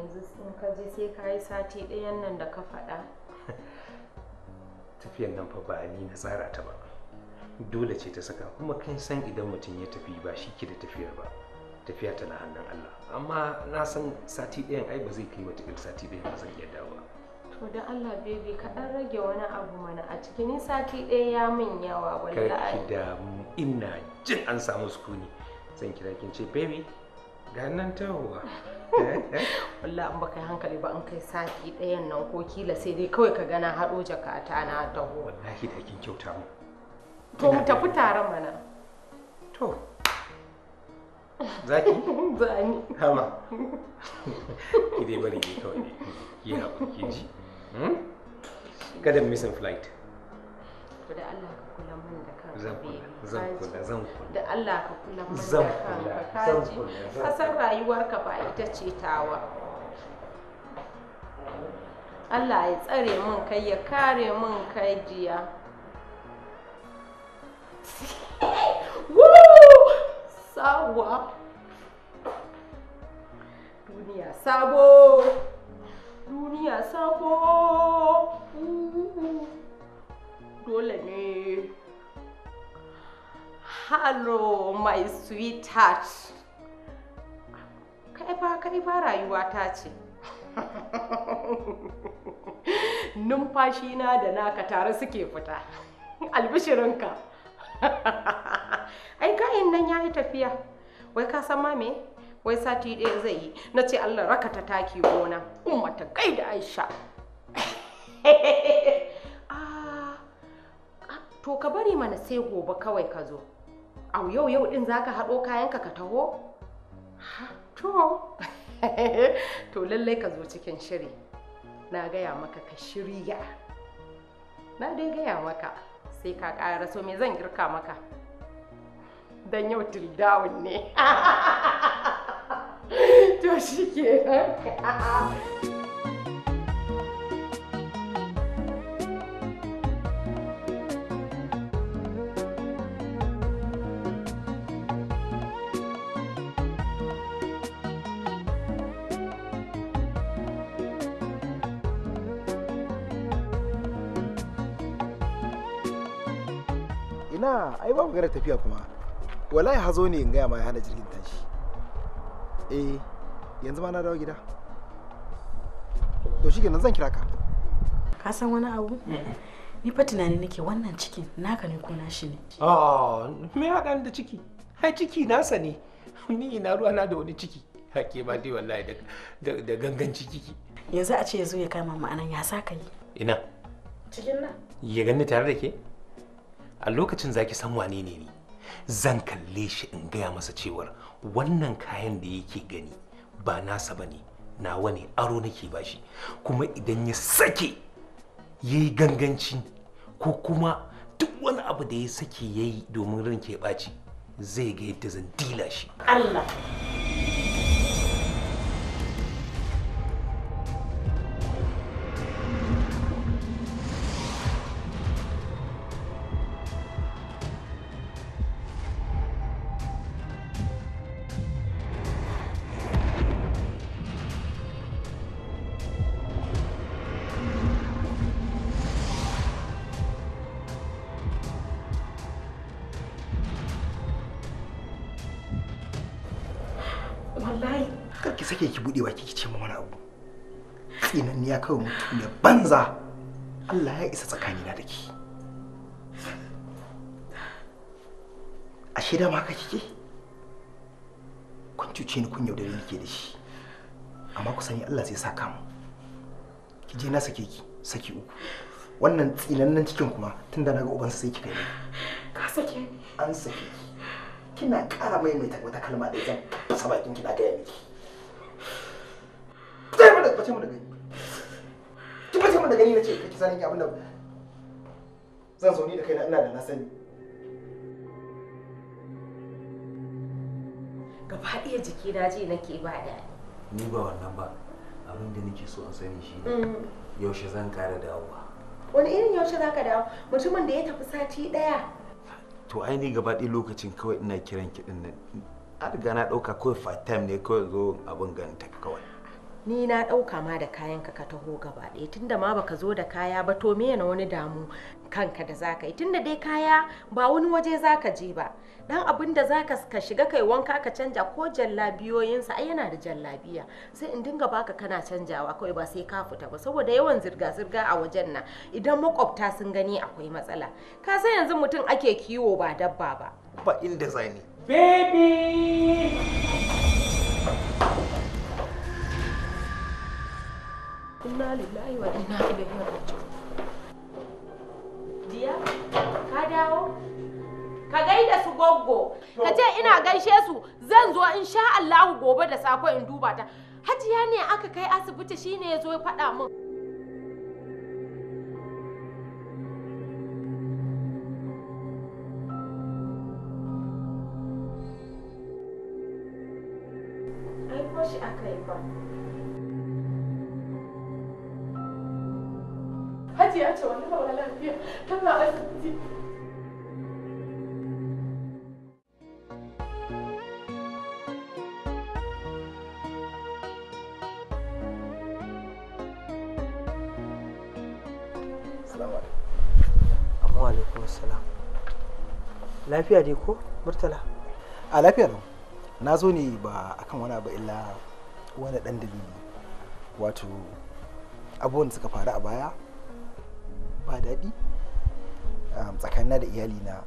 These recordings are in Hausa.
yanzu sun sai ka yi sati ɗayan nan da ka faɗa tafiyan nan fa ba ni na tsara ta ba dole ce ta saka kuma kan san idan mutum ya tafi ba shi ke da tafiyar ba tafiya tana hannun Allah amma na san sati ɗayan ai ba zai kai matuƙar sati ɗayan ba zan iya dawowa to da Allah bebe ka ɗan rage wani abu mana a cikin ni sati ɗaya ya min yawa wallahi kar ki damu ina jin an samu sukuni zan kira kin ce baby ga nan tawowa wallah an baka hankali ba an kai sati ɗayan nan ko kila sai dai kawai ka gana haɗo jaka ta na taho wallahi da kin kyauta mu to mu tafi tare mana to zaki zani hama ki dai bari ki kawai ne ki haƙuri ki ji hmm? kada missing flight to da Allah ka kula min da kanka zan kula zan kula da Allah ka kula min da ka kanka kaji kasar rayuwarka ba ita ce tawa Allah ya tsare min kai ya kare min kai jiya sawa duniya sabo duniya sabo dole ne "Hallo, my sweetheart kai fa rayuwa ta rayuwata ce numfashina da naka tare suke fita albishirinka ai kayan nan ya yi tafiya wai ka san ma me wai sati ɗaya zai yi na ce allah raka ta taki gona umma ta gaida aisha to ka bari mana sai gobe kawai ka zo au yau yau din zaka haɗo kayanka ka taho to to lallai ka zo cikin shiri na gaya maka ka shirya na dai gaya maka sai ka ƙara so me zan girka maka Dan yau tildawun ne to shi ke ina ai babu magana tafiya kuma wallahi hazo ne in gaya ma ya hana jirgin tashi eh yanzu ma na dawo gida to shi kenan zan kira ka ka san wani abu ni fa tunani nake wannan cikin naka ne ko nashi ne ah me haɗan da ciki hai ciki nasa ne ni ina ruwa na da wani ciki hake ba dai wallahi da ganganci ciki yanzu a ce ya zo ya anan ya saka ka yi ina cikin nan ya ganni tare da ke a lokacin zaki san wane ne ni zan kalle shi in gaya masa cewar wannan kayan da yake gani ba nasa bane nawa ne aro nake bashi kuma idan ya sake yayi ganganci ko kuma duk wani abu da ya sake yayi domin ranke ɓaci zai ga yadda zan dila shi Allah kake ki bude baki ki ce mu wani abu ya kawo mutu ne banza Allah ya isa tsakani na da ki ashe da ma haka kike kun cuce ni kun yaudare ni ke da shi amma ku sani Allah zai saka mu ki je na sake ki saki uku wannan tsinannen cikin kuma tunda naga ubansa sai ki yi ka sake ni an sake ki kina ƙara maimaita wata kalma da zan fasa bakin ki na gaya miki bace mu da gani ki bace mu da gani nace kake sani ki abinda zan zo ni da kaina ina da na sani gaba ɗaya jiki na ji nake ba da ni ba wannan ba abin da nake so in sani shi ne, mm. yaushe zan kara dawowa wani irin yaushe za ka dawo mutumin da ya tafi sati ɗaya to ai ni gaba ɗaya lokacin kawai ina kiran kiɗin ɗin nan a riga na ɗauka kawai five time ne kawai zo abin ganin tafi kawai ni na ɗauka ma da kayan ka taho gaba ɗaya tunda ma baka zo da kaya ba to me na wani damu kanka da zaka yi tunda dai kaya ba wani waje zaka je ba dan abin da zaka ka shiga kai wanka ka canja ko jallabiyoyinsa ai yana da jallabiya sai in dinga baka kana canjawa kawai ba sai ka fita ba saboda yawan zirga zirga a wajen nan idan makwabta sun gani akwai matsala ka san yanzu mutum ake kiwo ba dabba ba ba inda zani baby inna lillahi wa inna ilaihi raji'un diya ka dawo ka gaida su goggo ka ce ina gaishe su zan zo in sha Allahu gobe da safe in duba ta hajiya ne aka kai asibiti shine ya zo ya faɗa min mara lafiya tana asibiti lafiya dai ko murtala a lafiya lau na zo ne ba akan wani abu illa wani dan dalili wato abubuwan da suka faru a baya ba daɗi um, tsakanina da iyalina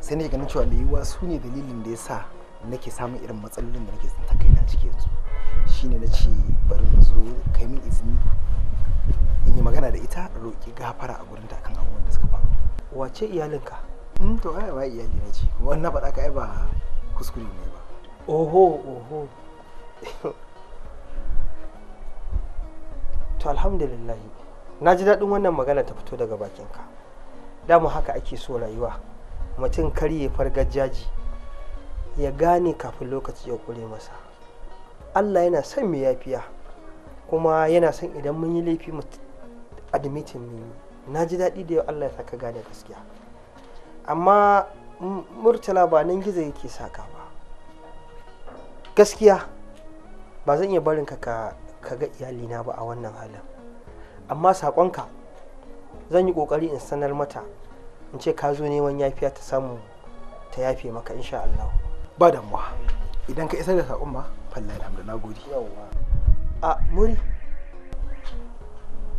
sai nake ganin cewa mai yiwuwa su ne dalilin da ya sa nake samun irin matsalolin da nake tsinta kaina cikin su shine na ce bari in zo kai min izini in yi magana da ita roƙi gafara a gurin ta kan abubuwan da suka faru wace iyalinka in hmm, to ai ba iyali na ce wannan na faɗa ka ai ba kuskure ne ba oho oho to alhamdulillah na ji daɗin wannan magana ta fito daga bakinka damu haka ake so rayuwa mutum kar ya jaji. ya gane kafin lokaci ya kure masa allah yana son mai yafiya kuma yana son idan mun yi laifi mu admitin mu na ji daɗi da yau allah ya saka gane gaskiya amma murtala ba nan gizo yake saka ba gaskiya ba zan iya barin ka ka ga iyalina ba a wannan halin amma saƙonka zan yi ƙoƙari in sanar mata in ce ka zo neman yafiya ta samu ta yafe maka insha Allah ba damuwa idan ka isar da saƙon ma falla alhamdu na gode a muri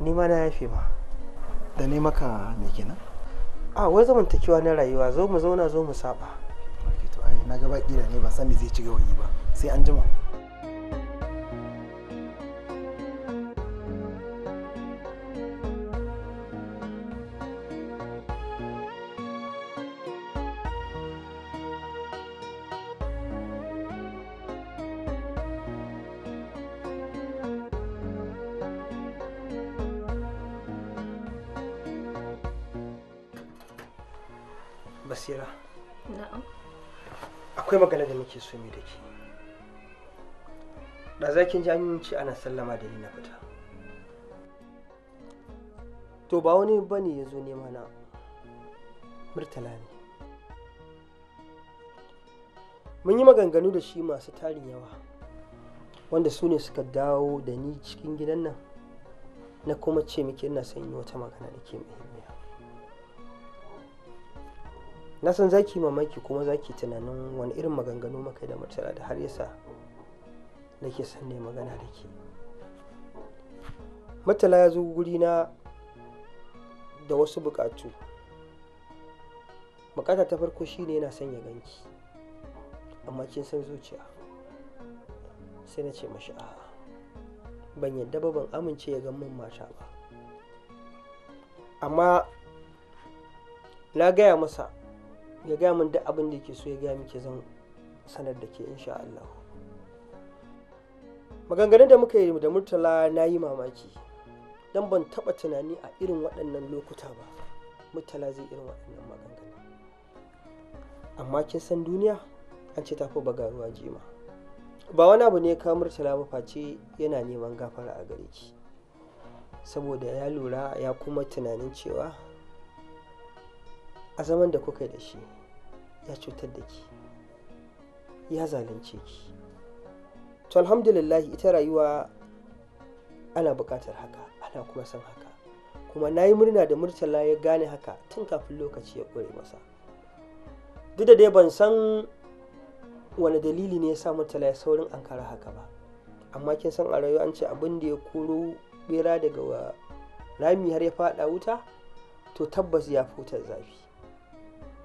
ni ma na yafe ma da ne maka me kenan a wai zamantakewa na rayuwa zo mu zauna zo mu saba to ai na ga baki da ne ba san me zai ci gawayi ba sai an jima basira akwai magana da muke so mu da ke da zakin ji ce ana sallama da ni na fita to ba wani bane ya zo nema na murtala ne mun yi maganganu da shi masu tarin yawa wanda su ne suka dawo da ni cikin gidan nan na kuma ce miki ina son yi wata magana da ke mai na san zaki mamaki kuma zaki tunanin wani irin maganganu maka da matsala da har yasa nake son ne magana da ke Matala ya zo guri na da wasu bukatu bukata ta farko shi ne yana son ya ganki amma kin san zuciya sai na ce mashi a ban yadda ba ban amince ya min mata ba amma na gaya masa ya gaya min duk abin da yake so ya gaya miki zan sanar da ke insha Allah maganganun da muka yi da murtala na yi mamaki dan ban taba tunani a irin waɗannan lokuta ba murtala zai irin waɗannan maganganu amma kin san duniya an ce tafi ba garuwa jima ba wani abu ne ka murtala ba face yana neman gafara a gare ki saboda ya lura ya kuma tunanin cewa a zaman da kuka yi da shi ya cutar da ki ya zalunce ki to alhamdulillah ita rayuwa ana buƙatar haka ana kuma san haka kuma na yi murna da murtala ya gane haka tun kafin lokaci ya kore masa duk da dai ban san wani dalili ne ya sa murtala ya saurin an ankara haka ba amma kin san a rayuwa an ce abin da ya koro bera daga rami har ya faɗa wuta to tabbas ya fi zafi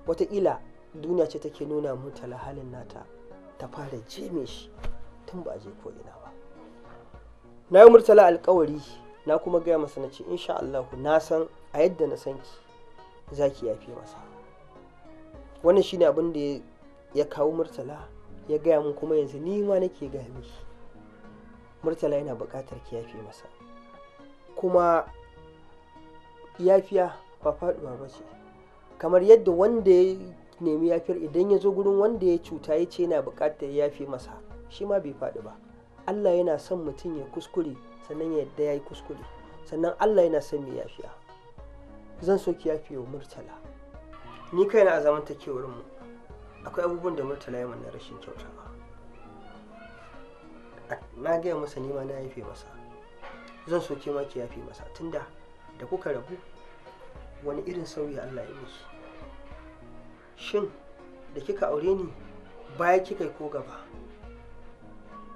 wataƙila duniya ce take nuna Murtala halin nata ta fara jeme shi tun ba a je ko ina ba na yi murtala alkawari na kuma gaya masa na ce insha Allah na san a yadda na san ki za ki yafi masa wannan shine abin da ya kawo murtala ya gaya mun kuma yanzu ni ma nake gaya miki murtala yana buƙatar ki yafi masa kuma yafiya ba faɗuwa ba ce kamar yadda wanda ya nemi yafiyar idan ya zo gurin wanda ya cuta ya ce yana bukatar ya yafe masa shi ma bai faɗi ba Allah yana son mutum ya kuskure sannan ya yadda ya yi kuskure sannan Allah yana son mai yafiya zan so ki yafi wa murtala ni kaina a zamantakewar mu akwai abubuwan da murtala ya mana rashin kyauta ba na gaya masa ni ma na yafe masa zan so ke ma ki yafe masa tunda da kuka rabu wani irin sauyi Allah ya musu shin da kika aure ni baya kika yi ko gaba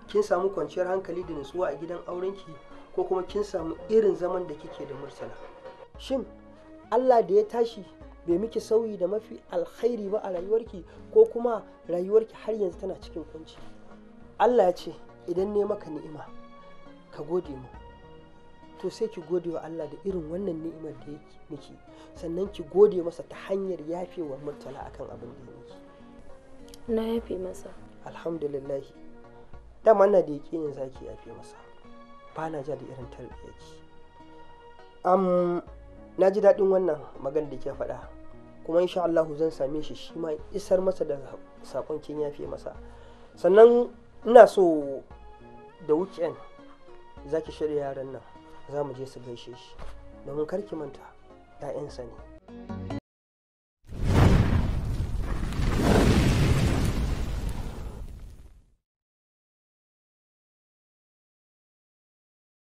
kin samu kwanciyar hankali da nutsuwa a gidan aurenki ko kuma kin samu irin zaman da kike da Murtala? shin allah da ya tashi bai miki sauyi da mafi alkhairi ba a rayuwarki ko kuma rayuwarki har yanzu tana cikin kunci allah ya ce idan ne maka ni'ima ka gode mu to sai ki gode wa Allah da irin wannan ni'imar da yake miki sannan ki gode masa ta hanyar yafewa murtala akan abin da yake na yafe masa alhamdulillah da na da za zaki yafe masa ba na ja da irin tarbiyya ki na ji daɗin wannan magana da ke faɗa kuma insha Allah zan same shi shi ma isar masa da sakon kin yafe masa sannan ina so da weekend zaki shirya yaran nan za mu je su gaishe shi domin karki manta 'ya'yansa ne